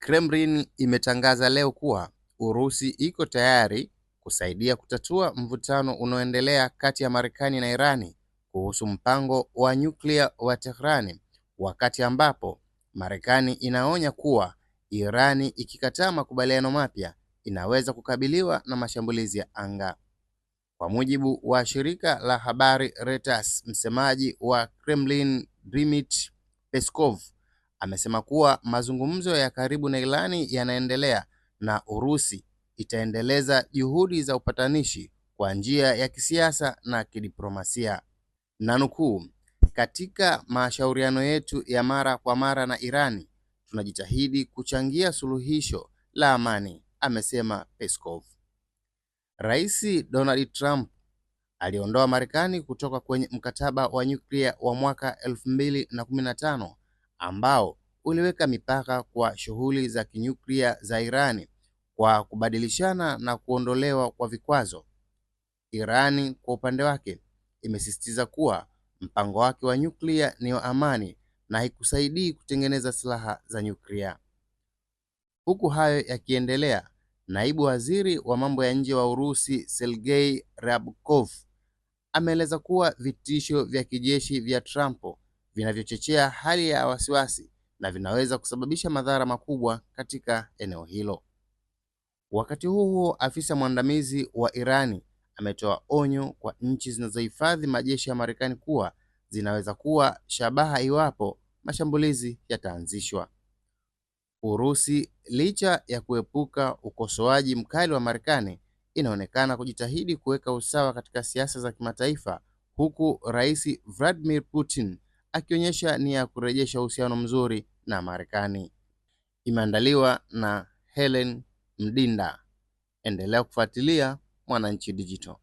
Kremlin imetangaza leo kuwa Urusi iko tayari kusaidia kutatua mvutano unaoendelea kati ya Marekani na Irani kuhusu mpango wa nyuklia wa Tehran, wakati ambapo Marekani inaonya kuwa Irani ikikataa makubaliano mapya inaweza kukabiliwa na mashambulizi ya anga. Kwa mujibu wa shirika la habari Reuters, msemaji wa Kremlin Dmitry Peskov amesema kuwa mazungumzo ya karibu na Irani yanaendelea na Urusi itaendeleza juhudi za upatanishi kwa njia ya kisiasa na kidiplomasia. Na nukuu, katika mashauriano yetu ya mara kwa mara na Irani tunajitahidi kuchangia suluhisho la amani, amesema Peskov. Rais Donald Trump aliondoa Marekani kutoka kwenye mkataba wa nyuklia wa mwaka 2015 ambao uliweka mipaka kwa shughuli za kinyuklia za Irani kwa kubadilishana na kuondolewa kwa vikwazo. Irani kwa upande wake imesisitiza kuwa mpango wake wa nyuklia ni wa amani na haikusaidii kutengeneza silaha za nyuklia. Huku hayo yakiendelea, naibu waziri wa mambo ya nje wa Urusi Sergei Ryabkov ameeleza kuwa vitisho vya kijeshi vya Trump vinavyochochea hali ya wasiwasi na vinaweza kusababisha madhara makubwa katika eneo hilo. Wakati huo huo, afisa mwandamizi wa Irani ametoa onyo kwa nchi zinazohifadhi majeshi ya Marekani kuwa zinaweza kuwa shabaha iwapo mashambulizi yataanzishwa. Urusi, licha ya kuepuka ukosoaji mkali wa Marekani, inaonekana kujitahidi kuweka usawa katika siasa za kimataifa, huku Rais Vladimir Putin akionyesha nia ya kurejesha uhusiano mzuri na Marekani. Imeandaliwa na Helen Mdinda. Endelea kufuatilia Mwananchi Digital.